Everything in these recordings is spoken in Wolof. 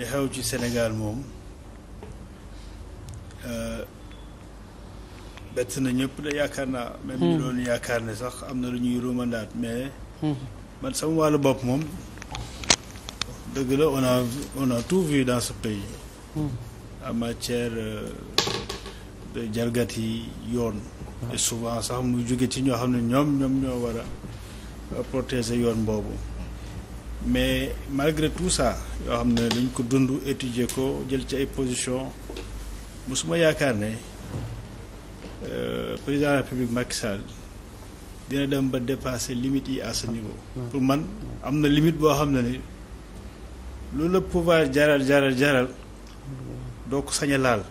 li xew ci Sénégal moom euh, bett na ñëpp de yaakaar naa. même ñu hmm. doon yaakaar ne sax am na lu ñuy romandaat mais. Hmm. man sama wàllu bopp moom dëgg la on a on a tout vu dans ce pays. Hmm. en matière euh, de jalgati yoon. Ah. et souvent sax mu jóge ci ñoo xam ne ñoom ñoom ñoo war a protéger yoon boobu. mais malgré tout ça yoo xam ne dañ ko dund étudier ko jël ci ay position musuma yaakaar ne euh, président de la République Macky dina dem ba dépasser limites yi à ce niveau pour man am na limite boo xam ne ni loolu la pouvoir jaral jaral jaral doo ko sañ laal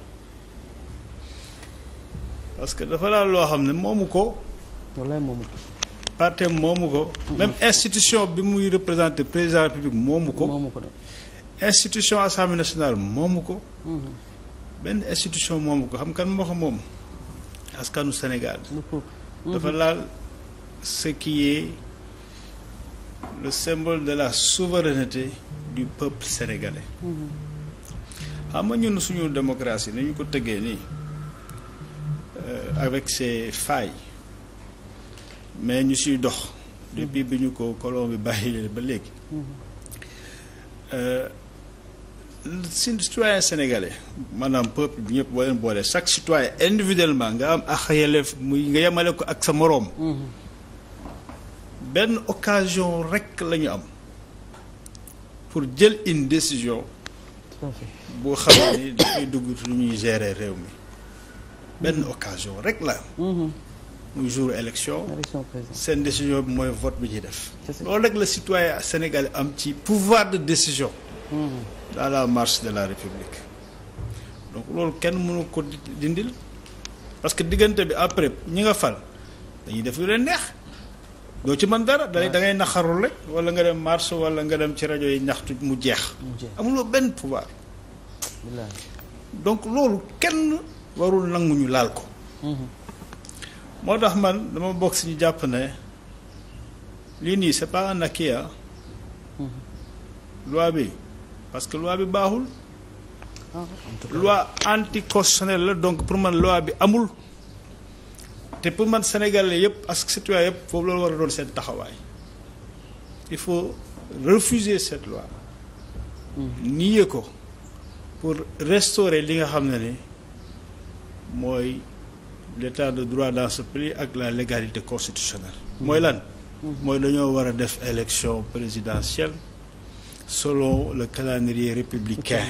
parce que dafa laal loo xam ne moomu ko wallaay moomu ko partem moomu ko. même institution bi muy représenté président république moomu ko. moomu ko institution assemblée nationale moomu ko. Mm-hmm. benn institution moomu ko xam kan moo ko moom askanu Sénégal. Mm-hmm. dafa laal ce kii est le symbole de la souveraineté du peuple sénégalais. Mm-hmm. xam nga ñun suñu démocratie nañu ko tëggee nii euh, avec ses failles. mais ñu siy dox. Mm-hmm. depuis bi ñu ko colon bi bàyyi ba léegi. Mm-hmm. Euh, si citoyen sénégalais maanaam peuple bi ñëpp boo leen chaque citoyen individuellement nga am ak yelleef muy nga yemale ko ak sa moroom. Mm-hmm. benn occasion rek la ñu am pour jël une décision. boo xam ni dafay dugg lu ñuy gérer réew mi benn occasion rek la muy jour élection seen décision bi mooy vote bi ñuy def loolu rek la citoyen sénégalais am ci pouvoir de décision hmm. dans la marche de la république loolu kenn mënu ko parce que diggante bi après ñi nga fal dañuy def lu leen doo ci mën dara da ngay naxarul rek wala nga dem marche wala nga dem ci rajo yi ñaxtu mu jeex amuloo benn pouvoir donc loolu kenn warul nangu ñu laal ko hmm. moo tax man dama bokk si ñu jàpp ne lii nii c'est pas un acquis loi bi parce que loi bi baaxul. loi anticonstitutionnelle la donc pour man loi bi amul. te pour man sénégalais yëpp ak citoyen yëpp foofu loolu war a doon seen taxawaay il faut refuser cette loi. nier ko pour restaurer li nga xam ne ni mooy. l'état de droit dans ce pays ak la légalité constitutionnelle mooy lan mooy dañoo war a def élection présidentielle selon le calendrier républicain